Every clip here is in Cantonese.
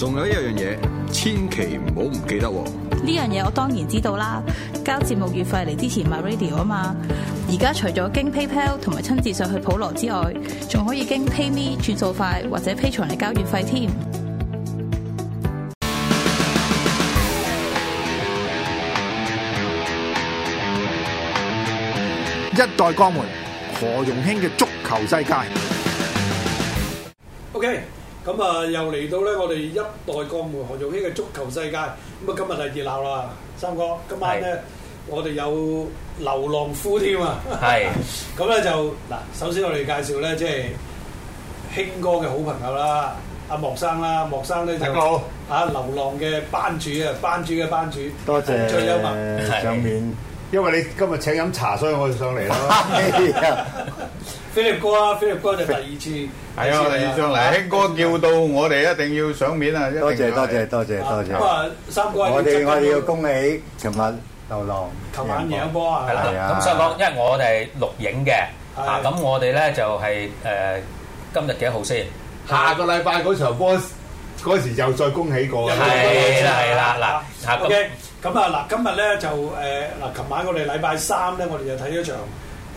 仲有一樣嘢，千祈唔好唔記得喎！呢樣嘢我當然知道啦，交節目月費嚟支持 MyRadio 啊嘛。而家除咗經 PayPal 同埋親自上去普羅之外，仲可以經 PayMe 轉數快或者 Patreon 嚟交月費添。一代鋼門何容興嘅足球世界。OK。咁啊，又嚟到咧！我哋一代鋼門何容興嘅足球世界，咁啊，今日就熱鬧啦，三哥，今晚咧我哋有流浪夫添啊！係，咁咧就嗱，首先我哋介紹咧，即係興哥嘅好朋友啦，阿莫生啦，莫生咧就好啊流浪嘅班主啊，班主嘅班主，多謝最幽默上面。因為你今日請飲茶，所以我哋上嚟啦。菲力哥啊，菲力哥就第二次，係啊，第二次上嚟。興哥叫到我哋一定要賞面啊！多謝多謝多謝多謝。三哥，我哋我哋要恭喜琴晚流浪，琴晚贏波啊。係啦。咁所以講，因為我哋錄影嘅咁我哋咧就係誒今日幾多號先？下個禮拜嗰場波。嗰時又再恭喜過嘅，係啦，嗱，OK，咁啊，嗱，今日咧就誒嗱，琴晚我哋禮拜三咧，我哋就睇咗場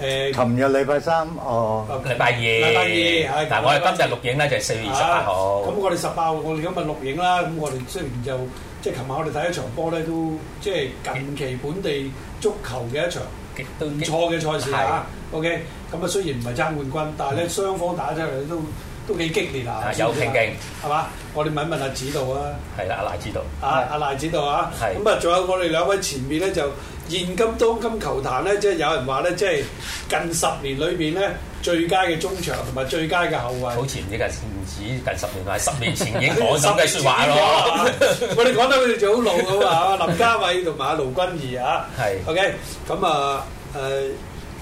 誒，琴日禮拜三，哦，禮拜二，禮拜二，但係，嗱，我哋今日錄影咧就四月十八號，咁我哋十八號我哋今日錄影啦，咁我哋雖然就即係琴晚我哋睇咗場波咧，都即係近期本地足球嘅一場極唔錯嘅賽事啊，OK，咁啊雖然唔係爭冠軍，但係咧雙方打出嚟都都幾激烈啊！有競爭係嘛？我哋問問阿指導啊，係啦，阿賴指導啊，的啊，阿賴指導啊，咁啊的，仲有我哋兩位前面咧，就現今當今球壇咧，即係有人話咧，即係近十年裏邊咧，最佳嘅中場同埋最佳嘅後衞。好前啲嘅唔止近十年啦，十年前已經講心計説話咯。我哋講得佢哋就好老啊嘛， 林嘉緯同埋阿盧均宜啊。係的 OK，咁啊誒。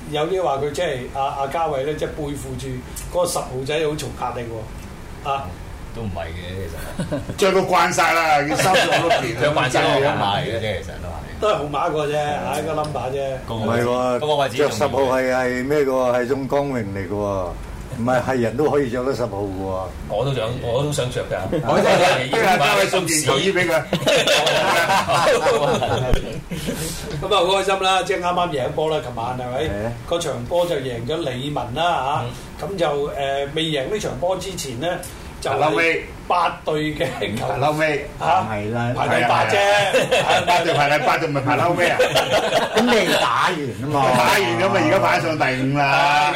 有啲話佢即係阿阿嘉緯咧，即係背負住嗰十號仔好重壓力喎，啊都唔係嘅其實着到慣晒啦，要收咗好多着慣曬係一碼嚟嘅啫，其實都話都係號碼一個啫，係一個 number 啫。唔係喎，着十號係係咩個？係種光榮嚟個喎。唔係，係人都可以著得十號嘅喎。我都想， 我都想着㗎。我送件衣俾佢。咁啊，好開心啦！即係啱啱贏波啦，琴晚係咪？嗰場波就贏咗李文啦嚇。咁就誒未贏呢場波之前咧。就嬲尾，八對嘅球。排嬲尾，係啦，排第八啫。八隊排第八對咪排嬲尾啊！咁未打完啊嘛，打完咁嘛？而家排上第五啦。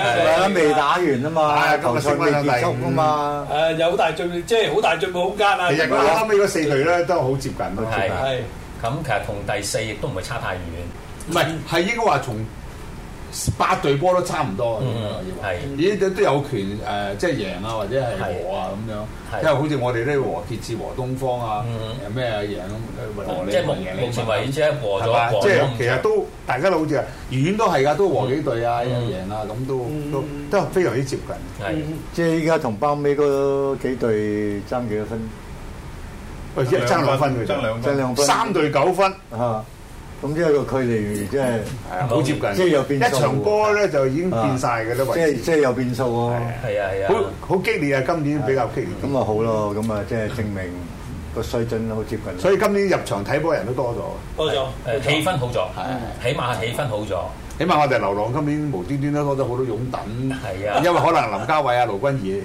未打完啊嘛，球賽未結束啊嘛。誒，有大進，即係好大進步，空間啊！其實嗰嬲尾嗰四隊咧都好接近啊，係。咁其實同第四亦都唔係差太遠。唔係，係應該話從。八隊波都差唔多啊，要話，依啲都有權誒，即係贏啊，或者係和啊咁樣。因為好似我哋咧和傑志和東方啊，誒咩啊贏，和你即係蒙贏你，和即係其實都大家都好似啊，遠都係噶，都和幾隊啊，贏啊咁都都都非常之接近。即係依家同包尾嗰幾隊爭幾多分？爭兩分，爭兩分，三隊九分啊！咁即係個距離即係好接近，即係有變。一場波咧就已經變曬嘅啦，即係即係有變數喎。係啊係啊，好激烈啊！今年比較激烈，咁啊好咯，咁啊即係證明個水準好接近。所以今年入場睇波人都多咗，多咗氣氛好咗，起碼氣氛好咗。起碼我哋流浪今年無端端都多咗好多擁躉，係啊，因為可能林嘉緯啊、盧均宜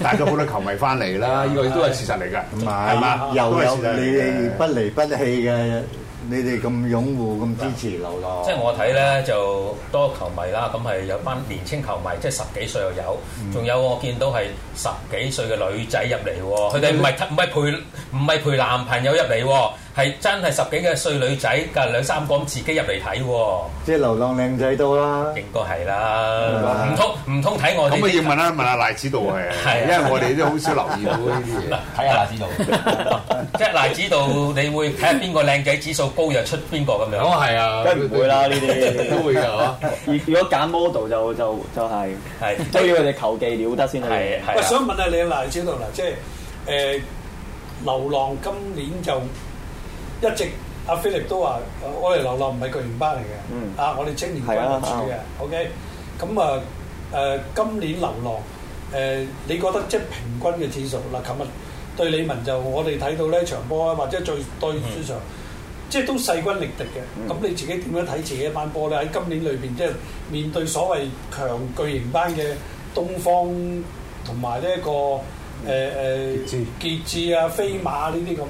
帶咗好多球迷翻嚟啦，呢個都係事實嚟嘅，唔係嘛？又有你不離不棄嘅。你哋咁擁護咁、嗯、支持、嗯、流浪，即係我睇咧就多球迷啦，咁係有班年青球迷，即係十幾歲又有，仲有我見到係十幾歲嘅女仔入嚟喎，佢哋唔係唔係陪唔係陪男朋友入嚟喎。係真係十幾個細女仔，隔兩三個自己入嚟睇喎。即係流浪靚仔都啦，應該係啦。唔通唔通睇我？咁都要問啦，問下賴子道係，因為我哋都好少留意到呢啲嘢。睇下賴子道，即係賴子道，你會睇下邊個靚仔指數高就出邊個咁樣？哦，係啊，梗唔會啦，呢啲都會㗎。如果揀 model 就就就係係都要佢哋球技了得先係。喂，想問下你賴子道，嗱，即係誒流浪今年就。一直阿菲力都話：我哋流浪唔係巨型班嚟嘅，啊，我哋青年班嚟住嘅。OK，咁啊誒，今年流浪誒，你覺得即係平均嘅次數嗱？琴日對李文就我哋睇到呢一場波或者最對主場，即係都勢均力敵嘅。咁你自己點樣睇自己班波咧？喺今年裏邊即係面對所謂強巨型班嘅東方同埋呢一個誒誒傑志啊、飛馬呢啲咁。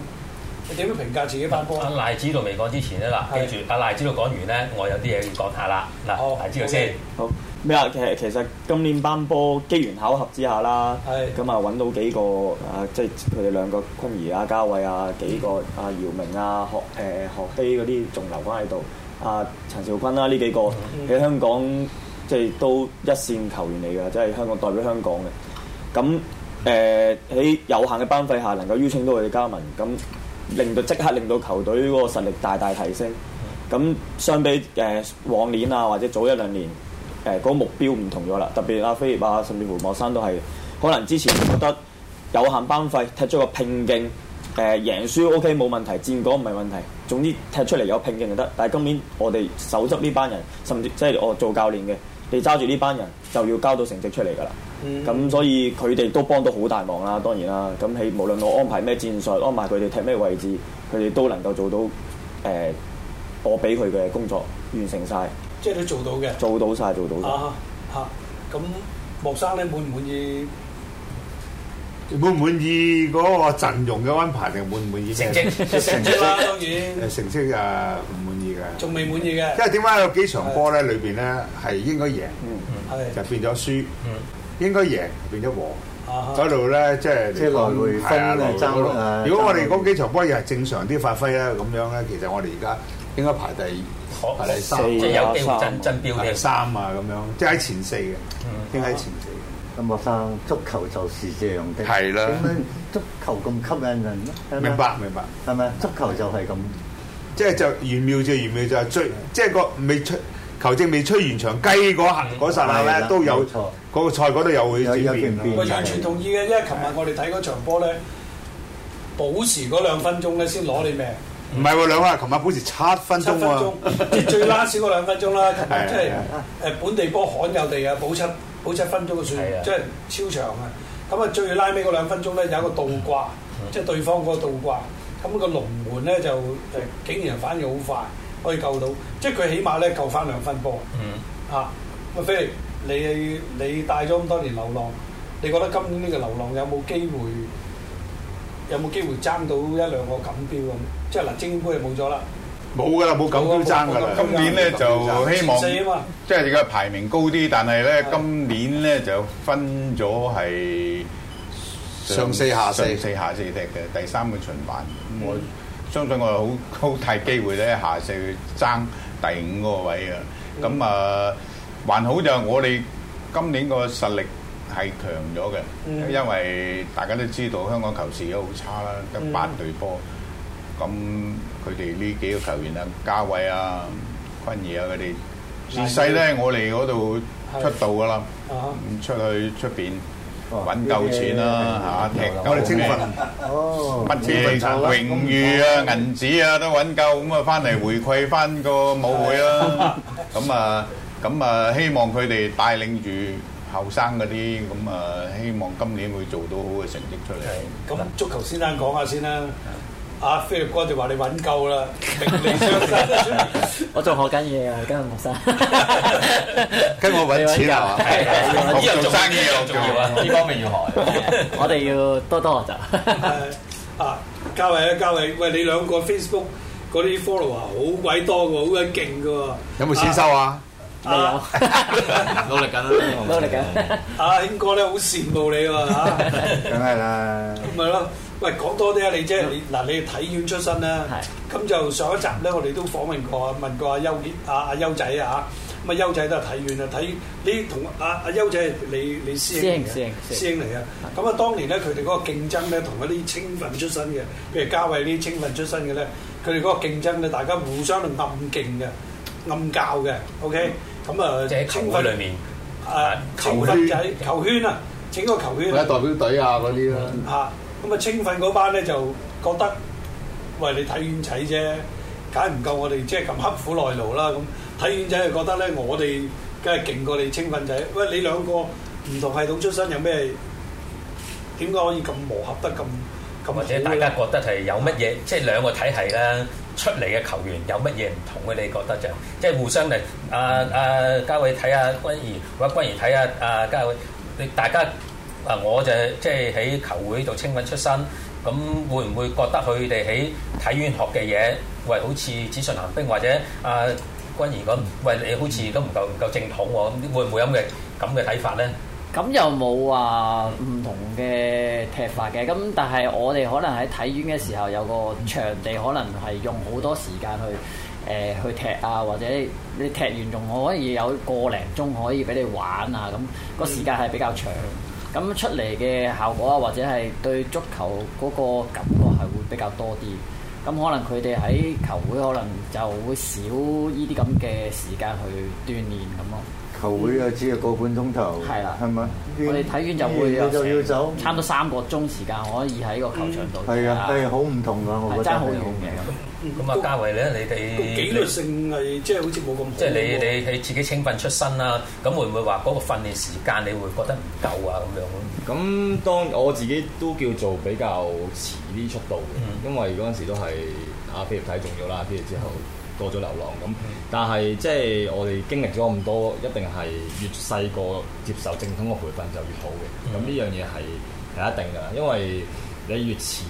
你點樣評價自己班波？阿、啊、賴子道未講之前咧，嗱，記住阿是賴子道講完咧，我有啲嘢要講下啦。嗱、哦，賴子道先好咩啊？其實其實今年班波機緣巧合之下啦，咁啊揾到幾個啊，即係佢哋兩個坤兒均宜阿嘉緯啊，幾個阿、啊、姚明啊，學誒、呃、學希嗰啲，仲留返喺度。阿、啊、陳兆坤啦，呢、啊、幾個喺、嗯、香港即係、就是、都一線球員嚟㗎，即、就、係、是、香港代表香港嘅。咁誒喺有限嘅班費下，能夠邀請到佢哋加盟咁。令到即刻令到球隊嗰個實力大大提升，咁相比誒、呃、往年啊，或者早一兩年誒嗰、呃那個目標唔同咗啦。特別阿飛越啊，甚至胡莫山都係，可能之前都覺得有限班費踢出個拼勁誒贏輸 OK 冇問題，戰果唔係問題，總之踢出嚟有拼勁就得。但係今年我哋手執呢班人，甚至即係我做教練嘅。你揸住呢班人就要交到成績出嚟㗎啦，咁、嗯、所以佢哋都幫到好大忙啦，當然啦。咁喺無論我安排咩戰術，安排佢哋踢咩位置，佢哋都能夠做到誒、呃、我俾佢嘅工作完成晒，即係都做到嘅，做到晒，做到啊。啊咁莫、啊、生你滿唔滿意？滿唔滿意嗰個陣容嘅安排定滿唔滿意成績？ 成績啦， 當然。成績啊，唔滿意。啊啊啊仲未滿意嘅，因為點解有幾場波咧？裏邊咧係應該贏，就變咗輸。應該贏變咗和，走落咧即係來來分啊爭啊。如果我哋講幾場波又係正常啲發揮咧，咁樣咧，其實我哋而家應該排第，排第四啊，有機會爭爭標嘅三啊，咁樣即係喺前四嘅，應該喺前四嘅。咁莫生，足球就是這樣的，係啦。點解足球咁吸引人咧？明白明白，係咪足球就係咁。即係就完妙就完妙就係追，即係個未出球證未出完場，雞嗰下嗰霎下咧都有，嗰個賽嗰度又會有有變變。我完全同意嘅，因為琴日我哋睇嗰場波咧，補時嗰兩分鐘咧先攞你命。唔係喎，兩分鐘？琴日補時七分鐘，即係最拉少嗰兩分鐘啦。琴日即係誒本地波罕有地啊，補七補七分鐘嘅算，即係超長啊。咁啊，最拉尾嗰兩分鐘咧有一個倒掛，即係對方嗰個倒掛。咁個龍門咧就誒竟然反應好快，可以救到，即係佢起碼咧救翻兩分波。嗯。嚇！阿飛，你你帶咗咁多年流浪，你覺得今年呢個流浪有冇機會？有冇機會爭到一兩個錦標咁？即係嗱，精英杯就冇咗啦。冇㗎啦，冇錦標爭㗎啦。今年咧就希望，即係而家排名高啲，但係咧今年咧就分咗係。上四下四，上四下四踢嘅第三個循環。嗯、我相信我好好大機會咧，下四去爭第五個位啊！咁、嗯、啊，還好就係我哋今年個實力係強咗嘅，嗯、因為大家都知道香港球市都好差啦，得八隊波，咁佢哋呢幾個球員啊，嘉緯啊、均宜啊嗰啲，自細咧我哋嗰度出道噶啦，咁、嗯嗯、出去出邊。出揾夠錢啦嚇，搞啲稱譽、乜嘢榮譽啊、銀紙啊都揾夠，咁啊翻嚟回饋翻個舞會啦。咁啊，咁、嗯嗯、啊 希望佢哋帶領住後生嗰啲，咁啊希望今年會做到好嘅成績出嚟。咁足球先生講下先啦。阿飛業哥就話你揾夠啦，名利雙收。我仲學緊嘢啊，跟學生。跟我揾錢啊嘛，呢家做生意要重要啊，呢方面要學。我哋要多多學習。啊，嘉偉啊，嘉偉，喂，你兩個 Facebook 嗰啲 follow 啊，好鬼多嘅，好鬼勁嘅。有冇錢收啊？未啊！努力緊啦，努力緊。阿興哥咧，好羨慕你啊嚇。梗係啦。咁係咯。咪講多啲啊！你啫，你嗱，你係體院出身啦。咁就上一集咧，我哋都訪問過，問過阿邱傑、阿阿邱仔啊嚇。咁啊，邱仔都係體院啊，睇呢同阿阿邱仔係你李師兄嘅師兄嚟嘅。咁啊，當年咧，佢哋嗰個競爭咧，同嗰啲青訓出身嘅，譬如嘉緯啲青訓出身嘅咧，佢哋嗰個競爭咧，大家互相暗勁嘅、暗教嘅。OK，咁啊，即係球圈裡面，誒球仔、球圈啊，整個球圈。代表隊啊，嗰啲啦。啊！咁啊，青訓嗰班咧就覺得，喂，你睇遠仔啫，梗唔夠我哋即係咁刻苦耐勞啦。咁睇遠仔就覺得咧，我哋梗係勁過你青訓仔。喂，你兩個唔同系統出身有，有咩點解可以咁磨合得咁咁好咧？或者大家覺得係有乜嘢？即係兩個體系啦，出嚟嘅球員有乜嘢唔同嘅？你覺得就即係互相嚟？阿阿嘉緯睇下均宜，或者均宜睇下阿嘉緯，你、呃、大家。啊！我就係即係喺球會做青訓出身，咁會唔會覺得佢哋喺體院學嘅嘢，喂，好似紙上談兵或者啊軍儀咁，喂，你好似都唔夠唔夠正統喎？會唔會有咁嘅咁嘅睇法咧？咁又冇話唔同嘅踢法嘅，咁但係我哋可能喺體院嘅時候有個場地，可能係用好多時間去誒去踢啊，或者你踢完仲可以有個零鐘可以俾你玩啊，咁個時間係比較長。咁出嚟嘅效果啊，或者係對足球嗰個感覺，係會比較多啲。咁可能佢哋喺球會可能就會少呢啲咁嘅時間去鍛煉。咁咯。球會啊，只係個半鐘頭，係啦，係咪？我哋睇完就會，你就要走，差唔多三個鐘時間可以喺個球場度。係啊，係好唔同啊！我覺得好係好啊！咁啊，嘉緯咧，你哋紀律性係即係好似冇咁，即係你你你自己青訓出身啦，咁會唔會話嗰個訓練時間你會覺得唔夠啊咁樣咧？咁當我自己都叫做比較遲啲出道嘅，因為嗰陣時都係啊，畢業睇重要啦，畢業之後。過咗流浪咁，但係即係我哋經歷咗咁多，一定係越細個接受正統嘅培訓就越好嘅。咁呢、嗯、樣嘢係係一定嘅喇，因為你越遲，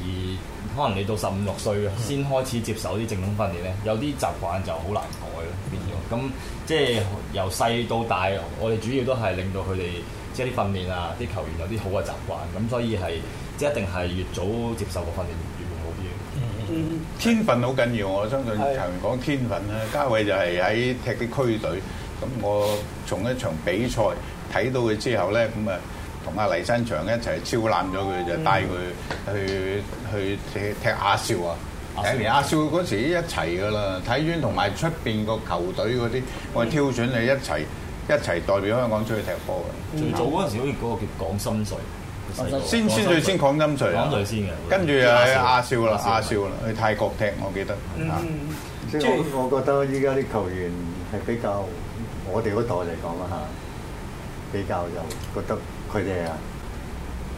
可能你到十五六歲先開始接受啲正統訓練咧，嗯、有啲習慣就好難改咯。變咗咁，即係由細到大，我哋主要都係令到佢哋即係啲訓練啊，啲球員有啲好嘅習慣。咁所以係即係一定係越早接受個訓練。天分好緊要，我相信頭先講天分啦。嘉緯是的 就係喺踢啲區隊，咁我從一場比賽睇到佢之後咧，咁啊同阿黎新祥一齊超攬咗佢，就帶佢去去踢踢阿少啊！睇阿少嗰時一齊噶啦，體院同埋出邊個球隊嗰啲，我係挑選你一齊一齊代表香港出去踢波嘅。最早嗰陣時好似嗰個叫講心水。先先最先講金穗，講穗先嘅，跟住啊阿少啦，阿少啦，去泰國踢，我記得。嗯，即係我覺得依家啲球員係比較我哋嗰代嚟講啦嚇，比較就覺得佢哋啊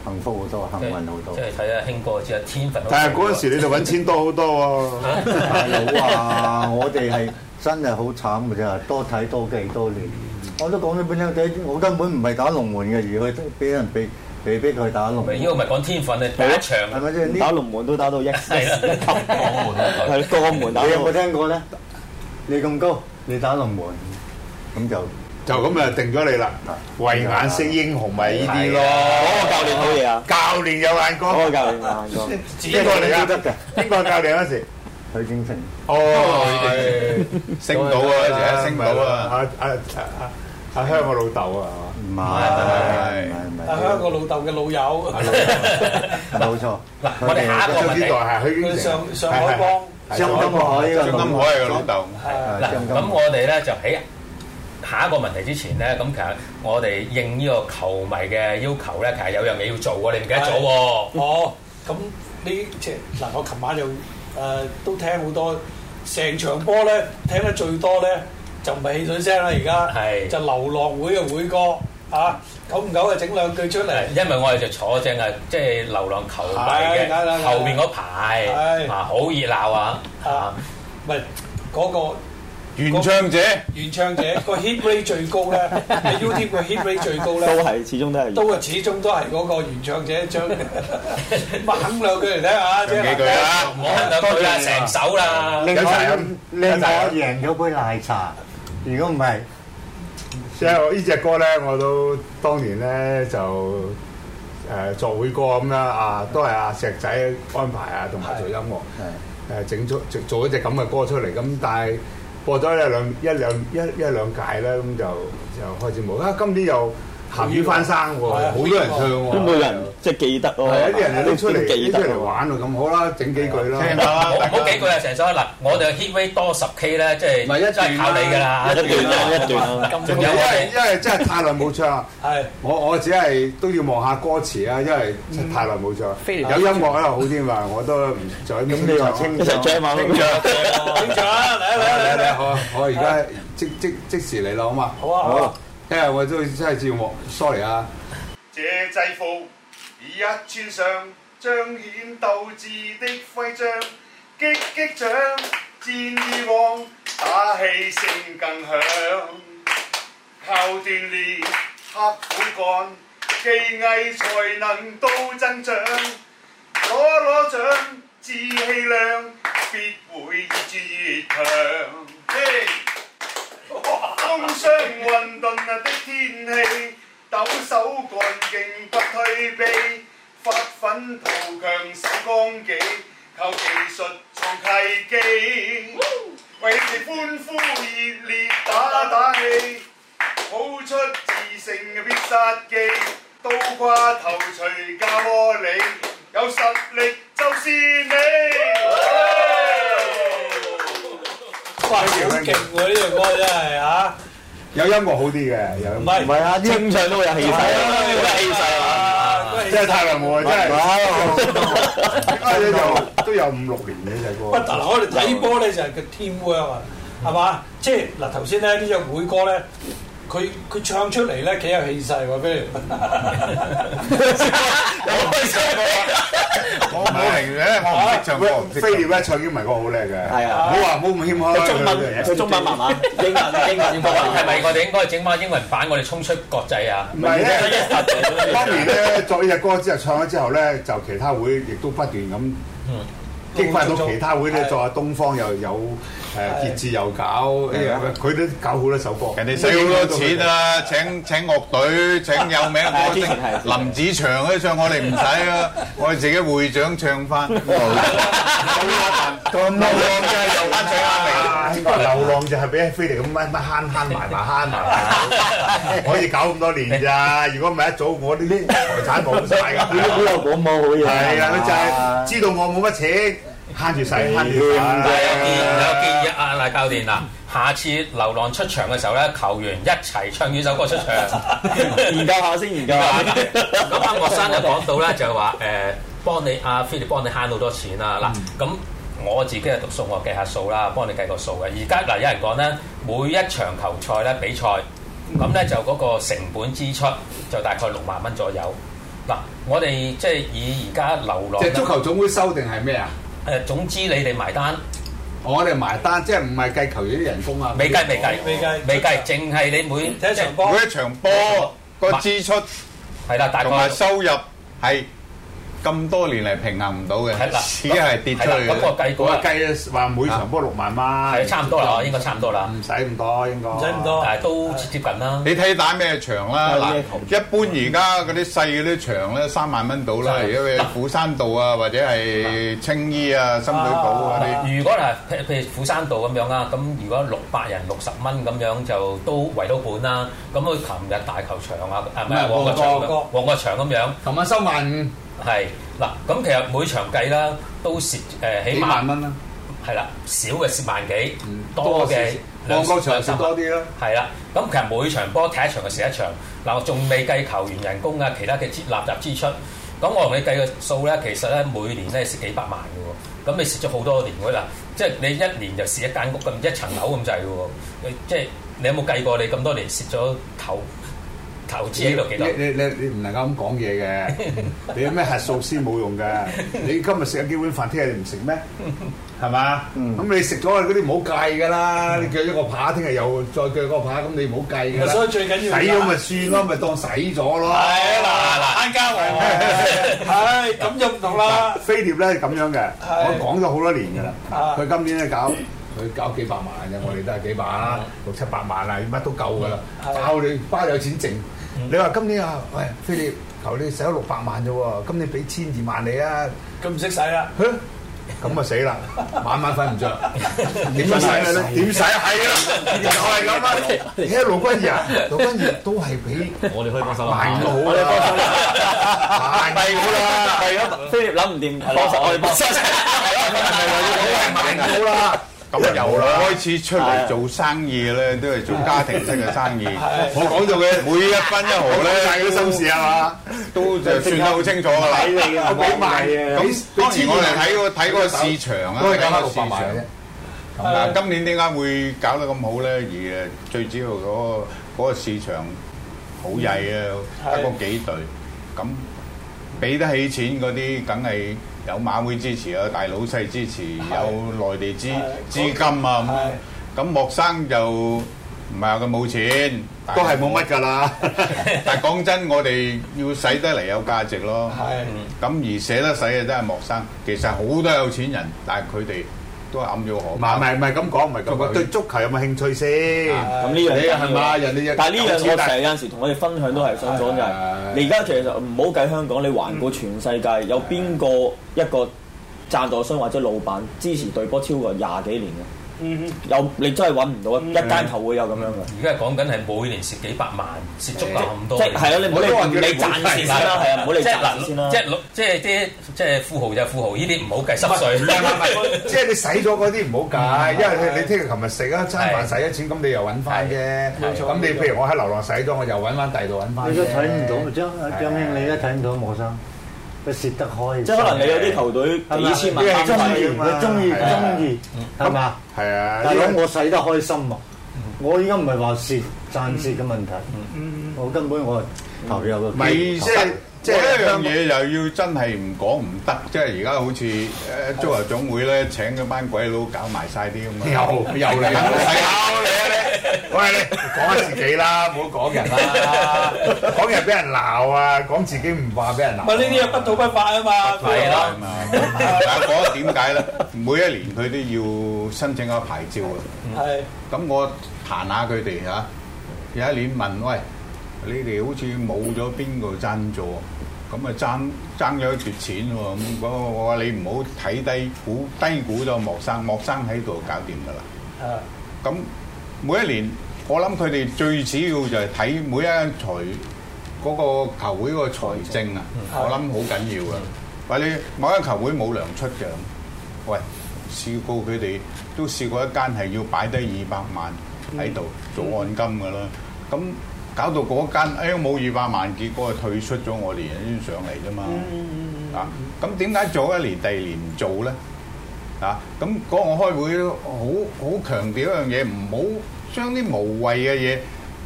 幸福好多，幸運好多。即係睇阿興哥只天分。但係嗰陣時你就揾錢多好多啊，大佬啊！我哋係真係好慘嘅啫，多睇多記多年。我都講咗本身，第一我根本唔係打龍門嘅，而係俾人俾。你逼佢打龍門，依家我咪講天分咧。打一場係咪先打龍門都打到一世啦，一金港門係啦，門你有冇聽過咧？你咁高，你打龍門，咁就就咁啊，定咗你啦。慧眼識英雄，咪呢啲咯。嗰個，教練好嘢啊！教練有眼光，嗰個教練有眼光。邊個嚟？啊，得嘅，邊個教練嗰時許京城？哦，係升到啊，一升到啊，阿阿阿香嘅老豆啊，唔係，係係係係，大家個老豆嘅老友，冇錯。我哋下一個問題係去上上海幫張金海，張金海係個老豆。嗱，咁我哋咧就喺下一個問題之前咧，咁其實我哋應呢個球迷嘅要求咧，其實有樣嘢要做喎，你唔記得咗喎。哦，咁呢即係嗱，我琴晚就誒都聽好多，成場波咧聽得最多咧就唔係汽水聲啦，而家係就流浪會嘅會歌。嚇，久唔久就整兩句出嚟。因為我哋就坐正啊，即係流浪球迷嘅後面嗰排，啊好熱鬧啊。嚇，唔係嗰個原唱者，原唱者個 hit rate 最高咧，喺 YouTube 個 hit rate 最高咧。都係，始終都係。都係始終都係嗰個原唱者，唱。猛兩句嚟睇下啊！唱幾句啊！我兩句啦，成首啦，拎曬拎我贏咗杯奶茶，如果唔係。即呢隻歌咧，我都當年咧就誒、呃、作會歌咁啦，啊都係阿、啊、石仔安排啊，同埋做音樂，誒整咗做、做一隻咁嘅歌出嚟，咁但係播咗一兩一兩一兩一兩屆咧，咁、嗯、就就開始冇啊，今年又～鹹魚翻生喎，好多人唱喎，都冇人即係記得咯。係啊，啲人又拎出嚟，拎出嚟玩喎，咁好啦，整幾句啦，聽下幾句啊，成首嗱，我哋 heavy 多十 k 咧，即係萬一真係靠你㗎啦。一段啊，一段仲有，因為因為真係太耐冇唱。係。我我只係都要望下歌詞啊，因為太耐冇唱。飛有音樂喺度好啲嘛，我都唔再咁樣清唱。一齊唱埋，清唱，清唱，嚟嚟嚟嚟！我我而家即即即時嚟啦，好嘛？好啊。今日我都真係自豪，sorry 啊！這制服一穿上，彰顯鬥志的徽章，擊擊掌，戰意往，打氣聲更響。靠鍛鍊，刻苦幹，技藝才能都增長。攞攞獎，志氣量，必會越戰越強。嘿！ 風霜混沌的天氣，抖擻幹勁不退避，發奮圖強守綱紀，靠技術創契機。為你哋歡呼熱烈打打氣，好出制勝嘅必殺技，倒掛頭鎚加魔力，有實力就是你。哇！勁喎，呢隻歌真係嚇、啊，有音樂好啲嘅，有唔係唔係啊？啲演唱都有氣勢，是有咩、啊、氣勢啊？真係太耐冇，真係都有五六年呢隻歌。嗱，我哋睇波咧就係個 teamwork 啊，係嘛？即係嗱，頭先咧呢隻會歌咧。佢佢唱出嚟咧幾有氣勢喎，飛鳥。 我唔明嘅，我唔識唱歌，飛鳥咧唱英文歌好叻嘅。係啊，唔好話，唔好咁謙虛。中文嘅嘢，中文慢慢。 英文，英文先好啊。係咪 我哋應該整翻英文版，我哋衝出國際啊？唔係咧，當年咧作呢隻歌之後，唱咗之後咧，就其他會亦都不斷咁激發到其他會咧，就係的東方又有。有有誒，傑志又搞，佢都搞好多首歌，人哋使好多錢啊！請請樂隊，請有名歌星林子祥去唱，我哋唔使啊，我哋自己會長唱翻。流浪就係又翻壓力啊！流浪就係俾菲嚟咁乜乜慳埋埋慳埋可以搞咁多年咋？如果唔係一早我呢啲財產冇晒㗎。你都好有講冇好嘢。係啊，佢就係知道我冇乜錢。慳住使，有建有建議啊！嗱，教練啊，下次流浪出場嘅時候咧，球員一齊唱呢首歌出場，研究下先，研究下。咁阿莫生就講到咧，就話誒，幫你阿 Philip 幫你慳好多錢啦。嗱，咁我自己係讀數學計下數啦，幫你計個數嘅。而家嗱有人講咧，每一場球賽咧比賽，咁咧就嗰個成本支出就大概六萬蚊左右。嗱，我哋即係以而家流浪足球總會修訂係咩啊？誒總之你哋埋單，我哋、哦、埋單，的即係唔係計球員啲人工啊？未計未計未計未計，淨係你每每一場波個支出係啦，同埋是收入係。咁多年嚟平衡唔到嘅，只係跌出去。咁個計嗰個計話每場波六萬蚊，係差唔多啦，應該差唔多啦，唔使咁多應該，唔使咁多，誒都接近啦。你睇打咩場啦？嗱，一般而家嗰啲細嗰啲場咧，三萬蚊到啦。如果係斧山道啊，或者係青衣啊、深水埗啊，如果嗱譬如譬如斧山道咁樣啊，咁如果六百人六十蚊咁樣就都圍到本啦。咁佢琴日大球場啊，係咪旺角場，旺角場咁樣，琴晚收萬五。係嗱，咁其實每場計啦，都蝕誒起碼幾萬蚊啦。係啦，少嘅蝕萬幾，嗯、多嘅兩場多啲囉。係啦，咁其實每場波睇一場就蝕一場。嗱、嗯，我仲未計球員人工啊，其他嘅支納入支出。咁我同你計個數咧，其實咧每年咧蝕幾百萬嘅喎。咁你蝕咗好多年嘅嗱，即係你一年就蝕一間屋咁，一層樓咁滯嘅喎。即係你有冇計過你咁多年蝕咗頭？投資呢度幾多？你你你你唔能夠咁講嘢嘅，你有咩核數先冇用嘅？你今日食咗幾碗飯，聽日你唔食咩？係嘛？咁你食咗嗰啲唔好計㗎啦，你鋸咗個扒，聽日又再鋸嗰個扒，咁你唔好計㗎啦。所以最緊要使咗咪算咯，咪當洗咗咯。係啊，嗱嗱，晏家係咁就唔同啦。飛碟咧咁樣嘅，我講咗好多年㗎啦。佢今年咧搞，佢搞幾百萬嘅，我哋都係幾百啊，六七百萬啊，乜都夠㗎啦。靠你，花有錢剩。你話今年啊，喂，菲利求你使咗六百萬啫喎，今年俾千二萬你啊，咁唔識使啦，哼，咁啊死啦，晚晚瞓唔著，點使咧？點使啊？係啊，又係咁啊！睇下盧均宜，盧均宜都係俾我哋可以幫手啦，萬股啦，萬股啦，菲利諗唔掂，落台不息，係啦，萬股啦。咁啊有啦，開始出嚟做生意咧，都係做家庭式嘅生意。我講到嘅每一分一毫咧，曬佢心事啊嘛，都就算得好清楚噶啦。睇你啊，俾賣嘅。當時我哋睇睇嗰個市場啊，都係咁嘅市場啫。嗱，今年點解會搞得咁好咧？而誒最主要嗰個市場好曳啊，得個幾隊，咁俾得起錢嗰啲梗係。有馬會支持啊，有大老細支持，的有內地資的資金啊咁，咁莫生就唔係話佢冇錢，都係冇乜㗎啦。 但係講真，我哋要使得嚟有價值咯。係的，咁、嗯、而捨得使嘅，都係莫生。其實好多有錢人，但係佢哋。都係暗住河，唔係唔係咁講，唔係咁講，足對足球有冇興趣先？咁呢、哎、對樣嘢係嘛？吧人哋家一但呢樣，嘢，成日有陣時同我哋分享都係想講嘅。哎哎、你而家其實唔好計香港，你環顧全世界，嗯、有邊個一個贊助商或者老闆支持隊波超過廿幾年嘅？嗯，有你真係揾唔到一間頭會有咁樣嘅。而家講緊係每年蝕幾百萬，蝕足咁多。即係係咯，你唔好話你賺先啦，係啊，唔好理即係即係即係富豪就富豪，呢啲唔好計濕碎。即係你使咗嗰啲唔好計，因為你你聽日琴日食一餐飯使咗錢，咁你又揾翻啫。冇錯。咁你譬如我喺流浪使咗，我又揾翻第二度揾翻。你都睇唔到張張興，你都睇唔到冇生，佢蝕得開。即係可能你有啲球隊幾千萬、中意，中意，係嘛？係啊，大佬我使得開心啊！我依家唔係話蝕賺蝕嘅問題，我根本我係投入嘅。唔係即係即係一樣嘢又要真係唔講唔得，即係而家好似誒，足球總會咧，請班鬼佬搞埋晒啲咁啊！又又嚟。喂，你講下自己啦，唔好講人啦。講人俾人鬧啊，講自己唔話俾人鬧。咪呢啲啊不吐不快啊嘛，係啦嘛。嗱，我點解咧？每一年佢都要申請個牌照啊。係。咁我彈下佢哋嚇，有一年問：喂，你哋好似冇咗邊個贊助？咁啊爭爭咗一截錢喎。咁我我話你唔好睇低估低估就莫生莫生喺度搞掂㗎啦。係。咁每一年。我諗佢哋最主要就係睇每一間財嗰個球會個財政啊，我諗好緊要噶。或者某間球會冇糧出嘅，喂，試過佢哋都試過一間係要擺低二百萬喺度做按金噶啦。咁搞到嗰間哎呀冇二百萬，結果就退出咗，我哋先上嚟啫嘛。啊，咁點解做一年第二年唔做咧？啊，咁嗰日我開會好好強調一樣嘢，唔好。將啲無謂嘅嘢，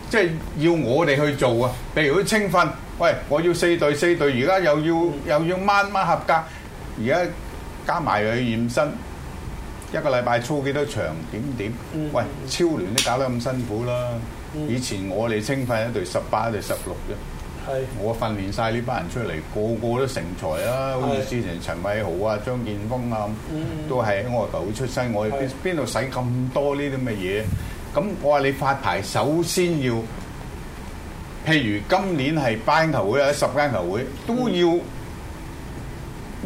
即係要我哋去做啊！譬如啲青訓，喂，我要四隊四隊，而家又要、嗯、又要孖孖合格，而家加埋又要驗身，一個禮拜操幾多場？點點？喂，超聯都搞得咁辛苦啦！以前我哋青訓一隊十八一隊十六啫，我訓練晒呢班人出嚟，個個都成才啊。好似之前陳偉豪啊、張建峰啊，都係喺我頭出身，我邊邊度使咁多呢啲乜嘢？咁我話你發牌首先要，譬如今年係八間球會，有十間球會都要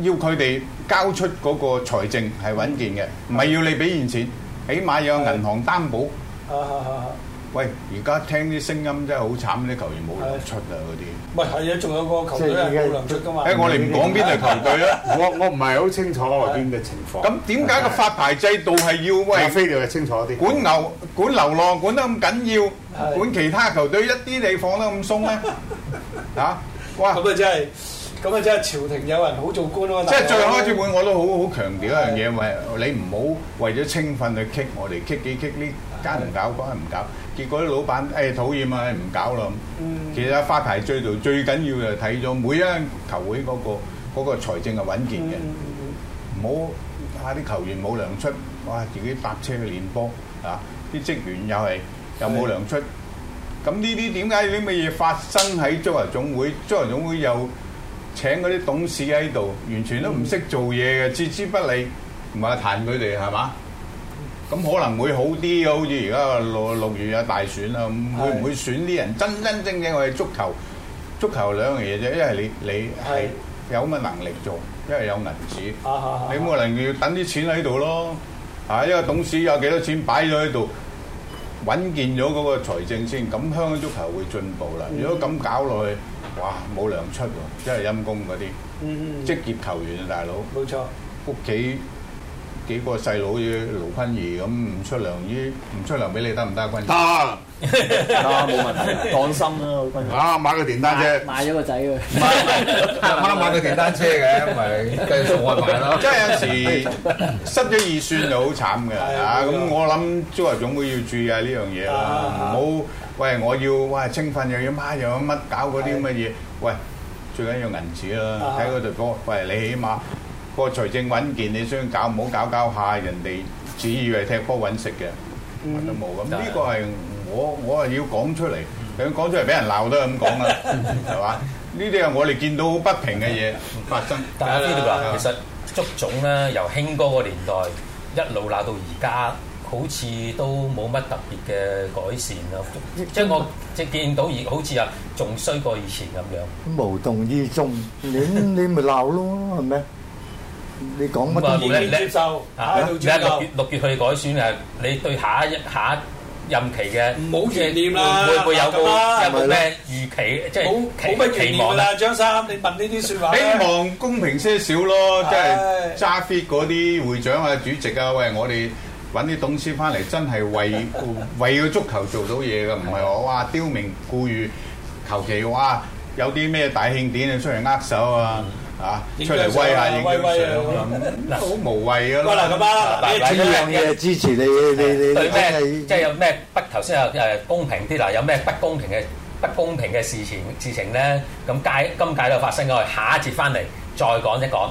要佢哋交出嗰個財政係穩健嘅，唔係是的 要你俾現錢，起碼有銀行擔保。喂，而家聽啲聲音真係好慘，啲球員冇人出啊，嗰啲。唔係係啊，仲有個球隊係冇人出噶嘛。誒，我哋唔講邊隊球隊啦。我我唔係好清楚邊嘅情況。咁點解個發牌制度係要？喂，飛你就清楚啲。管牛管流浪管得咁緊要，管其他球隊一啲你放得咁鬆咧？嚇！哇！咁啊真係，咁啊真係朝廷有人好做官喎。即係最開始會我都好好強調一樣嘢，喂，你唔好為咗清訓去 kick，我哋 kick 幾 kick 呢？間唔搞，間唔搞。結果啲老闆誒、哎、討厭啊，唔搞啦、嗯、其實發牌最做最緊要就睇咗每一間球會嗰、那個嗰、那個、財政係穩健嘅，唔好、嗯嗯嗯、啊啲球員冇糧出，哇自己搭車去練波啊！啲職員又係又冇糧出，咁呢啲點解啲乜嘢發生喺中華總會？中華總會又請嗰啲董事喺度，完全都唔識做嘢嘅，置之、嗯、不理，唔係彈佢哋係嘛？咁可能會好啲嘅，好似而家六六月有大選啦，會唔會選啲人真真正正我哋足球足球兩樣嘢啫，一係你你係有乜能力做，一係有銀紙，啊啊、你冇能力要等啲錢喺度咯，啊一個董事有幾多錢擺咗喺度，穩健咗嗰個財政先，咁香港足球會進步啦。如果咁搞落去，哇冇糧出喎，即係陰功嗰啲，職業球員啊大佬，冇錯，屋企。幾個細佬嘅盧均宜咁唔出糧於唔出糧俾你得唔得啊均宜得，冇問題。講心啦，均宜。啊，買個電單車。買咗個仔㗎。買，啱買個電單車嘅，咪繼續再買咯。即係有時失咗預算就好慘嘅，啊咁我諗朱華總會要注意下呢樣嘢啦，唔好喂我要喂，清瞓又要媽又要乜搞嗰啲乜嘢？喂，最緊要銀紙啦，睇嗰條波。喂，你起碼。個財政穩健，你想搞唔好搞搞下人哋，只以為踢波揾食嘅，揾都冇咁。呢個係我我係要講出嚟，想講出嚟俾人鬧都係咁講啊，係嘛？呢啲係我哋見到好不平嘅嘢發生。但係呢度話，其實足總咧由興哥個年代一路鬧到而家，好似都冇乜特別嘅改善啊。即係我即係見到而好似啊，仲衰過以前咁樣。無動於衷， 你你咪鬧咯，係咪？你講乜意見接受？喺度接受。而家六月六月去改選啊！你對下一下一任期嘅唔好邪念啦，會唔會有啲咩預期？即係好不期望啦，張生，你問呢啲説話咧？希望公平些少咯，即係揸 fit 嗰啲會長啊、主席啊，喂，我哋揾啲董事翻嚟，真係為為咗足球做到嘢㗎，唔係我話釣名沽譽，求其話有啲咩大慶典啊，出嚟握手啊！嚇、啊！出嚟威下，應威了上嗱，好無謂噶咯。咁啊， 嗱呢樣嘢支持你，你你即係即係有咩不？頭先 有誒、啊、公平啲啦，有咩不公平嘅不公平嘅事情事情咧？咁解今屆就發生咗，我哋下一節翻嚟再講一講。